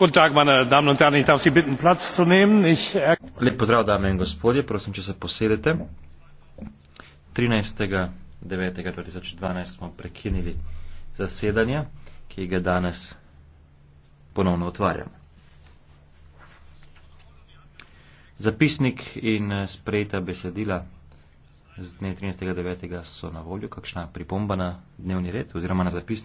Äh, Lep pozdrav, dame in gospodje, prosim, če se posedete. 13.9.2012 smo prekinili zasedanje, ki ga danes ponovno otvarjamo. Zapisnik in eh, sprejeta besedila z dne 13.9. so na voljo, kakšna pripomba na dnevni red oziroma na zapisnik.